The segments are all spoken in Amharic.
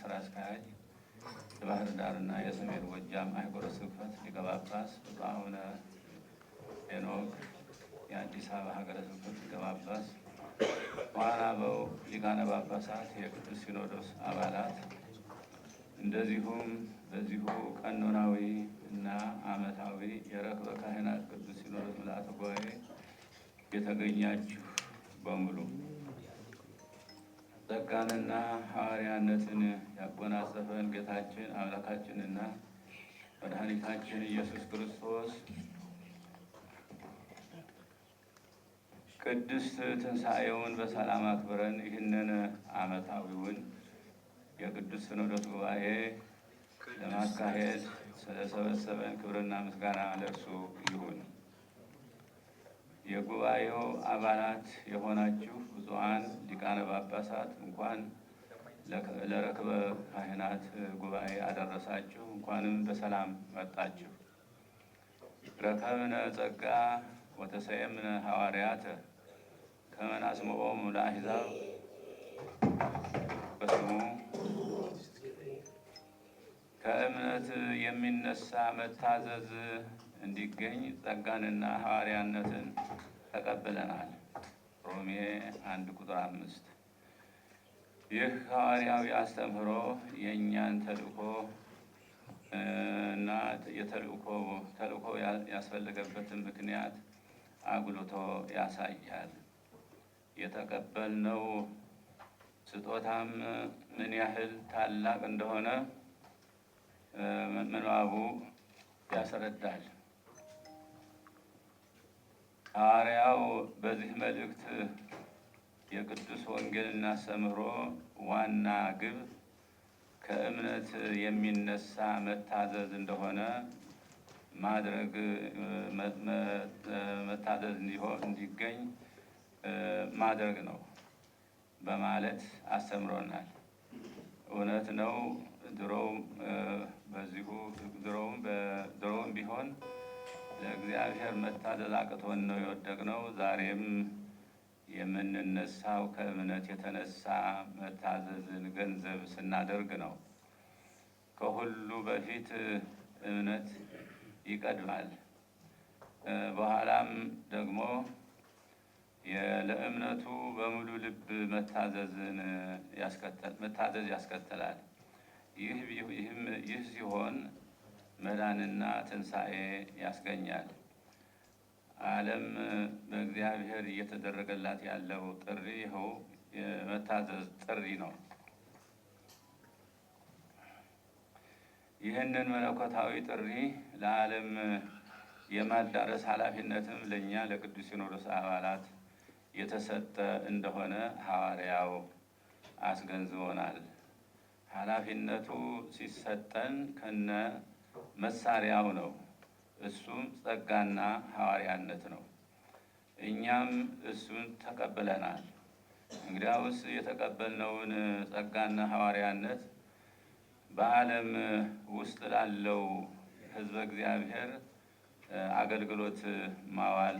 ስራ አስኪያጅ የባህር ዳርና የሰሜን ጎጃም አህጉረ ስብከት ሊቀ ጳጳስ ብፁዕ ሄኖክ የአዲስ አበባ ሀገረ ስብከት ሊቀ ጳጳስ ዋና በው ሊቃነ ጳጳሳት የቅዱስ ሲኖዶስ አባላት እንደዚሁም በዚሁ ቀኖናዊ እና ዓመታዊ የረክበ ካህናት ቅዱስ ሲኖዶስ ምልዓተ ጉባኤ የተገኛችሁ በሙሉ ጸጋንና ሐዋርያነትን ያጎናጸፈን ጌታችን አምላካችንና መድኃኒታችን ኢየሱስ ክርስቶስ ቅድስት ትንሣኤውን በሰላም አክብረን ይህንን ዓመታዊውን የቅዱስ ሲኖዶስ ጉባኤ ለማካሄድ ስለሰበሰበን ክብርና ምስጋና ለእርሱ ይሁን። የጉባኤው አባላት የሆናችሁ ብፁዓን ሊቃነ ጳጳሳት እንኳን ለረክበ ካህናት ጉባኤ አደረሳችሁ። እንኳንም በሰላም መጣችሁ። ረከብነ ጸጋ ወተሰየምነ ሐዋርያተ ከመ ለአሕዛብ በስሙ ከእምነት የሚነሳ መታዘዝ እንዲገኝ ጸጋንና ሐዋርያነትን ተቀብለናል። ሮሜ አንድ ቁጥር አምስት ይህ ሐዋርያዊ አስተምህሮ የእኛን ተልእኮ እና የተልእኮ ተልእኮ ያስፈለገበትን ምክንያት አጉልቶ ያሳያል። የተቀበልነው ስጦታም ምን ያህል ታላቅ እንደሆነ ምንባቡ ያስረዳል። ሐዋርያው በዚህ መልእክት የቅዱስ ና አስተምህሮ ዋና ግብ ከእምነት የሚነሳ መታዘዝ እንደሆነ ማድረግ መታዘዝ እንዲገኝ ማድረግ ነው በማለት አስተምሮናል። እውነት ነው። ድሮውም በዚሁ ድሮውም ቢሆን ለእግዚአብሔር መታዘዝ አቅቶን ነው የወደቅነው። ዛሬም የምንነሳው ከእምነት የተነሳ መታዘዝን ገንዘብ ስናደርግ ነው። ከሁሉ በፊት እምነት ይቀድማል። በኋላም ደግሞ ለእምነቱ በሙሉ ልብ መታዘዝን መታዘዝ ያስከተላል። ይህ ሲሆን መዳንና ትንሣኤ ያስገኛል። ዓለም በእግዚአብሔር እየተደረገላት ያለው ጥሪ ይኸው የመታዘዝ ጥሪ ነው። ይህንን መለኮታዊ ጥሪ ለዓለም የማዳረስ ኃላፊነትም ለእኛ ለቅዱስ ሲኖዶስ አባላት የተሰጠ እንደሆነ ሐዋርያው አስገንዝቦናል። ኃላፊነቱ ሲሰጠን ከነ መሳሪያው ነው። እሱም ጸጋና ሐዋርያነት ነው። እኛም እሱን ተቀብለናል። እንግዲያውስ የተቀበልነውን ጸጋና ሐዋርያነት በዓለም ውስጥ ላለው ሕዝበ እግዚአብሔር አገልግሎት ማዋል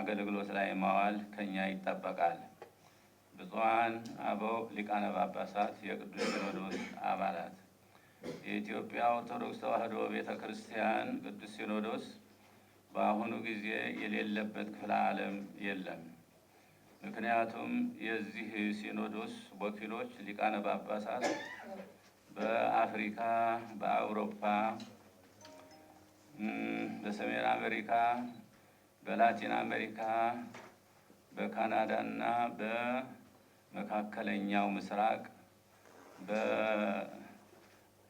አገልግሎት ላይ ማዋል ከኛ ይጠበቃል። ብፁዓን አበው ሊቃነ ጳጳሳት፣ የቅዱስ ሲኖዶስ አባላት የኢትዮጵያ ኦርቶዶክስ ተዋሕዶ ቤተ ክርስቲያን ቅዱስ ሲኖዶስ በአሁኑ ጊዜ የሌለበት ክፍለ ዓለም የለም። ምክንያቱም የዚህ ሲኖዶስ ወኪሎች ሊቃነ ጳጳሳት በአፍሪካ፣ በአውሮፓ፣ በሰሜን አሜሪካ፣ በላቲን አሜሪካ፣ በካናዳ እና በመካከለኛው ምስራቅ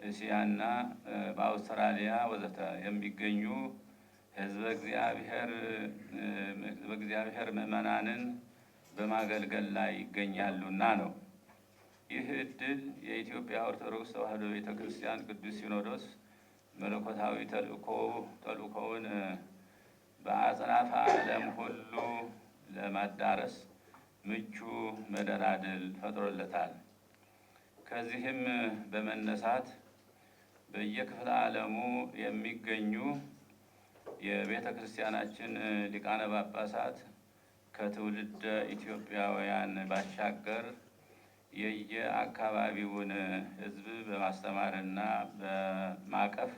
እስያና በአውስትራሊያ ወዘተ የሚገኙ ህዝበ እግዚአብሔር ምእመናንን በማገልገል ላይ ይገኛሉና ነው። ይህ እድል የኢትዮጵያ ኦርቶዶክስ ተዋሕዶ ቤተ ክርስቲያን ቅዱስ ሲኖዶስ መለኮታዊ ተልእኮውን በአጽናፈ ዓለም ሁሉ ለማዳረስ ምቹ መደላድል ፈጥሮለታል። ከዚህም በመነሳት በየክፍለ ዓለሙ የሚገኙ የቤተ ክርስቲያናችን ሊቃነ ጳጳሳት ከትውልድ ኢትዮጵያውያን ባሻገር የየአካባቢውን ሕዝብ በማስተማርና በማቀፍ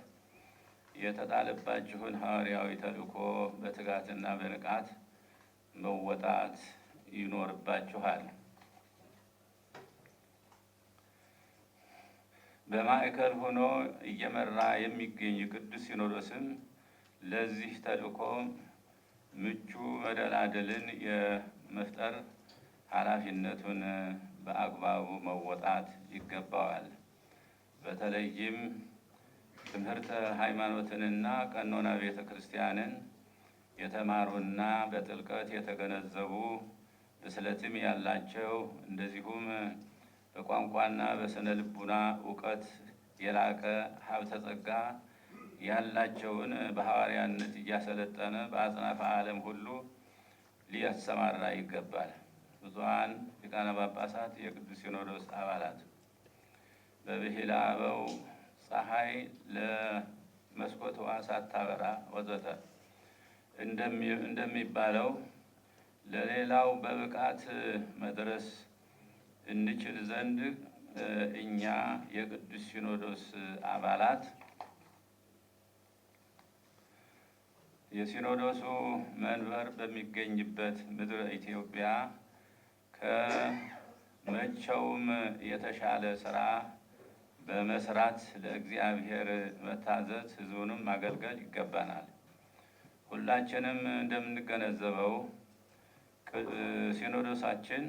የተጣለባችሁን ሐዋርያዊ ተልእኮ በትጋትና በንቃት መወጣት ይኖርባችኋል። በማዕከል ሆኖ እየመራ የሚገኝ ቅዱስ ሲኖዶስም ለዚህ ተልእኮ ምቹ መደላደልን የመፍጠር ኃላፊነቱን በአግባቡ መወጣት ይገባዋል። በተለይም ትምህርተ ሃይማኖትንና ቀኖና ቤተ ክርስቲያንን የተማሩና በጥልቀት የተገነዘቡ ብስለትም ያላቸው እንደዚሁም በቋንቋና በስነ ልቡና እውቀት የላቀ ሀብተ ጸጋ ያላቸውን በሐዋርያነት እያሰለጠነ በአጽናፈ ዓለም ሁሉ ሊያሰማራ ይገባል። ብዙሀን ሊቃነ ጳጳሳት፣ የቅዱስ ሲኖዶስ አባላት በብሂል አበው ፀሐይ ለመስኮቷ ሳታበራ ወዘተ እንደሚባለው ለሌላው በብቃት መድረስ እንችል ዘንድ እኛ የቅዱስ ሲኖዶስ አባላት የሲኖዶሱ መንበር በሚገኝበት ምድረ ኢትዮጵያ ከመቼውም የተሻለ ስራ በመስራት ለእግዚአብሔር መታዘዝ፣ ህዝቡንም ማገልገል ይገባናል። ሁላችንም እንደምንገነዘበው ሲኖዶሳችን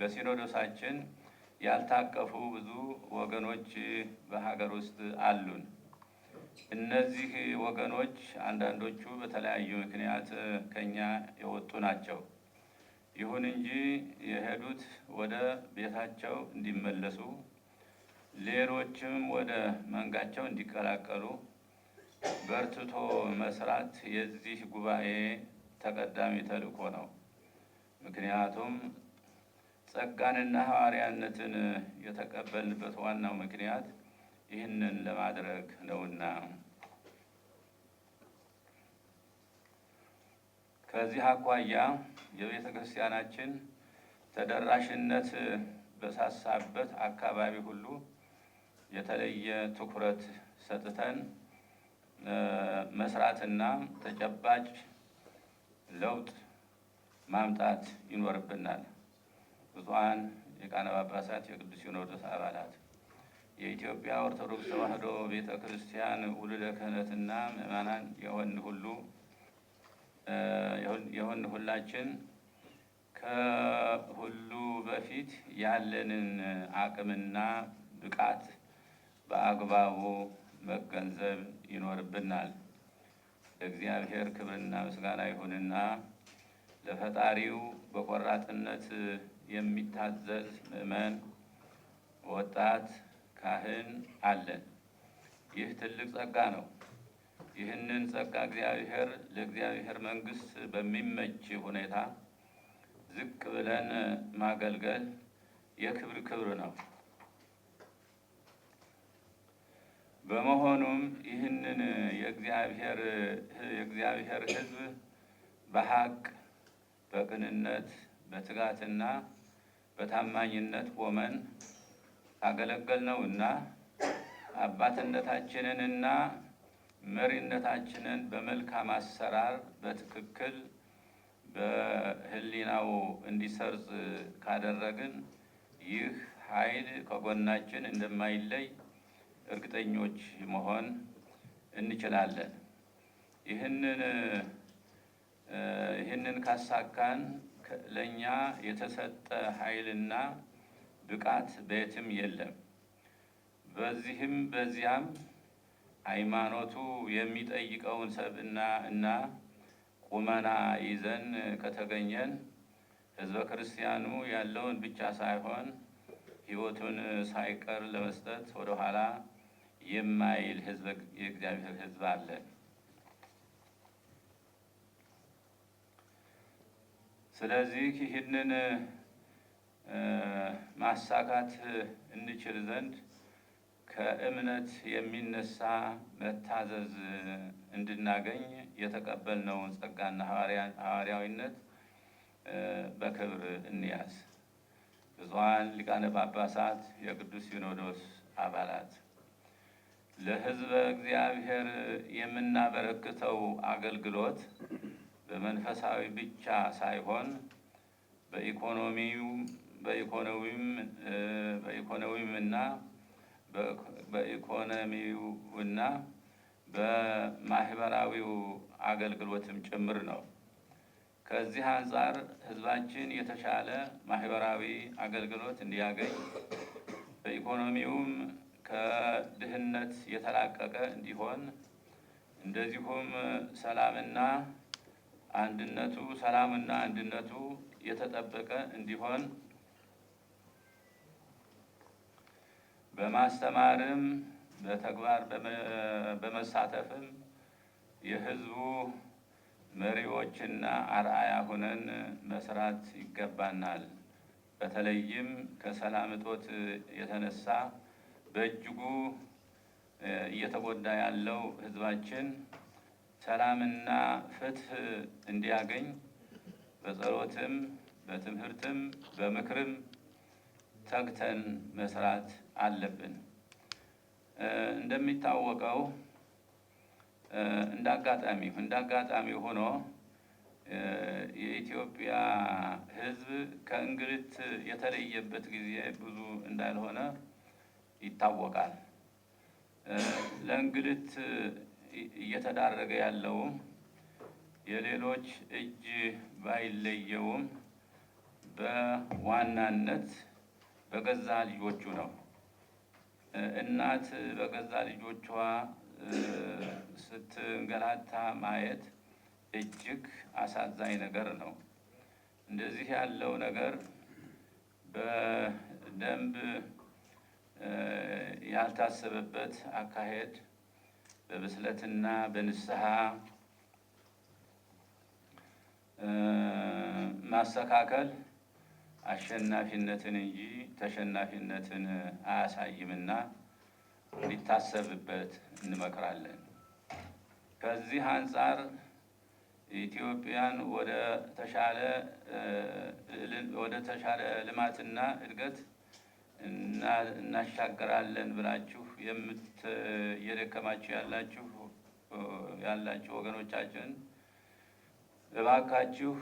በሲኖዶሳችን ያልታቀፉ ብዙ ወገኖች በሀገር ውስጥ አሉን። እነዚህ ወገኖች አንዳንዶቹ በተለያዩ ምክንያት ከኛ የወጡ ናቸው። ይሁን እንጂ የሄዱት ወደ ቤታቸው እንዲመለሱ፣ ሌሎችም ወደ መንጋቸው እንዲቀላቀሉ በርትቶ መስራት የዚህ ጉባኤ ተቀዳሚ ተልዕኮ ነው። ምክንያቱም ጸጋንና ሐዋርያነትን የተቀበልንበት ዋናው ምክንያት ይህንን ለማድረግ ነውና ከዚህ አኳያ የቤተ ክርስቲያናችን ተደራሽነት በሳሳበት አካባቢ ሁሉ የተለየ ትኩረት ሰጥተን መስራትና ተጨባጭ ለውጥ ማምጣት ይኖርብናል። ብፁዓን ሊቃነ ጳጳሳት፣ የቅዱስ ሲኖዶስ አባላት፣ የኢትዮጵያ ኦርቶዶክስ ተዋሕዶ ቤተ ክርስቲያን ውሉደ ክህነትና ምእመናን የሆን ሁሉ የሆን ሁላችን ከሁሉ በፊት ያለንን አቅምና ብቃት በአግባቡ መገንዘብ ይኖርብናል። ለእግዚአብሔር ክብርና ምስጋና ይሁንና ለፈጣሪው በቆራጥነት የሚታዘዝ ምእመን፣ ወጣት ካህን አለን። ይህ ትልቅ ጸጋ ነው። ይህንን ጸጋ እግዚአብሔር ለእግዚአብሔር መንግስት በሚመች ሁኔታ ዝቅ ብለን ማገልገል የክብር ክብር ነው። በመሆኑም ይህንን የእግዚአብሔር ሕዝብ በሀቅ በቅንነት በትጋትና በታማኝነት ቆመን ካገለገልነውና አባትነታችንንና መሪነታችንን በመልካም አሰራር በትክክል በህሊናው እንዲሰርጽ ካደረግን ይህ ኃይል ከጎናችን እንደማይለይ እርግጠኞች መሆን እንችላለን። ይህንን ይህንን ካሳካን ለእኛ የተሰጠ ኃይልና ብቃት በየትም የለም። በዚህም በዚያም ሃይማኖቱ የሚጠይቀውን ሰብና እና ቁመና ይዘን ከተገኘን ህዝበ ክርስቲያኑ ያለውን ብቻ ሳይሆን ህይወቱን ሳይቀር ለመስጠት ወደኋላ የማይል የእግዚአብሔር ህዝብ አለን። ስለዚህ ይህንን ማሳካት እንችል ዘንድ ከእምነት የሚነሳ መታዘዝ እንድናገኝ የተቀበልነውን ጸጋና ሐዋርያዊነት በክብር እንያዝ። ብዙሀን ሊቃነ ጳጳሳት፣ የቅዱስ ሲኖዶስ አባላት፣ ለሕዝበ እግዚአብሔር የምናበረክተው አገልግሎት በመንፈሳዊ ብቻ ሳይሆን በኢኮኖሚውና በኢኮኖሚውና በማህበራዊው አገልግሎትም ጭምር ነው። ከዚህ አንጻር ህዝባችን የተሻለ ማህበራዊ አገልግሎት እንዲያገኝ በኢኮኖሚውም ከድህነት የተላቀቀ እንዲሆን እንደዚሁም ሰላምና አንድነቱ ሰላምና አንድነቱ የተጠበቀ እንዲሆን በማስተማርም በተግባር በመሳተፍም የሕዝቡ መሪዎችና አርአያ ሆነን መስራት ይገባናል። በተለይም ከሰላም እጦት የተነሳ በእጅጉ እየተጎዳ ያለው ሕዝባችን ሰላምና ፍትህ እንዲያገኝ በጸሎትም በትምህርትም በምክርም ተግተን መስራት አለብን። እንደሚታወቀው እንዳጋጣሚ እንዳጋጣሚ ሆኖ የኢትዮጵያ ሕዝብ ከእንግልት የተለየበት ጊዜ ብዙ እንዳልሆነ ይታወቃል። ለእንግልት እየተዳረገ ያለውም የሌሎች እጅ ባይለየውም በዋናነት በገዛ ልጆቹ ነው። እናት በገዛ ልጆቿ ስትንገላታ ማየት እጅግ አሳዛኝ ነገር ነው። እንደዚህ ያለው ነገር በደንብ ያልታሰበበት አካሄድ በብስለትና በንስሐ ማስተካከል አሸናፊነትን እንጂ ተሸናፊነትን አያሳይምና ሊታሰብበት እንመክራለን። ከዚህ አንጻር ኢትዮጵያን ወደ ተሻለ ልማትና እድገት እናሻገራለን ብላችሁ እየደከማችሁ ያላችሁ ያላችሁ ወገኖቻችን እባካችሁ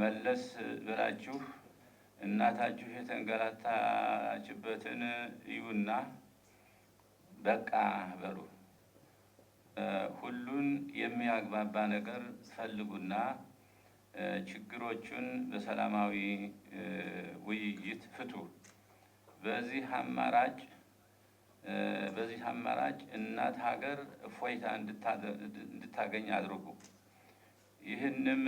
መለስ ብላችሁ እናታችሁ የተንገላታችበትን እዩና በቃ በሉ። ሁሉን የሚያግባባ ነገር ፈልጉና ችግሮቹን በሰላማዊ ውይይት ፍቱ። በዚህ አማራጭ በዚህ አማራጭ እናት ሀገር እፎይታ እንድታገኝ አድርጉ። ይህንም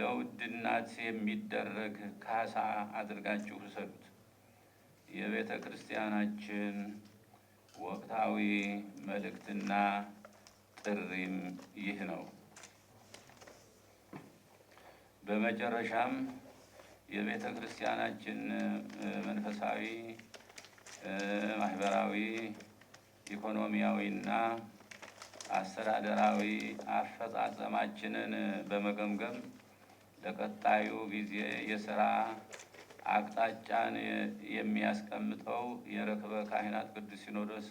ለውድ እናት የሚደረግ ካሳ አድርጋችሁ ውሰዱት። የቤተ ክርስቲያናችን ወቅታዊ መልእክትና ጥሪም ይህ ነው። በመጨረሻም የቤተ ክርስቲያናችን መንፈሳዊ ማህበራዊ ኢኮኖሚያዊና አስተዳደራዊ አፈጻጸማችንን በመገምገም ለቀጣዩ ጊዜ የስራ አቅጣጫን የሚያስቀምጠው የርክበ ካህናት ቅዱስ ሲኖዶስ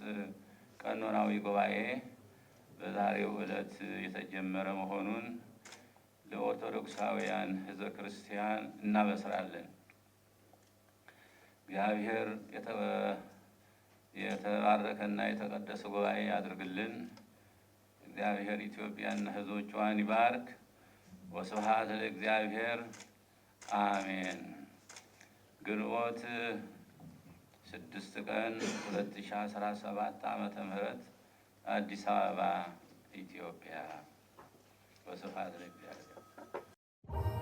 ቀኖናዊ ጉባኤ በዛሬው ዕለት የተጀመረ መሆኑን ለኦርቶዶክሳውያን ህዝበ ክርስቲያን እናበስራለን። እግዚአብሔር የተባረከና የተቀደሰ ጉባኤ ያድርግልን። እግዚአብሔር ኢትዮጵያና ሕዝቦቿን ይባርክ። ወስብሐት ለእግዚአብሔር አሜን። ግንቦት ስድስት ቀን ሁለት ሺ አስራ ሰባት ዓመተ ምህረት አዲስ አበባ ኢትዮጵያ። ወስብሐት ለእግዚአብሔር።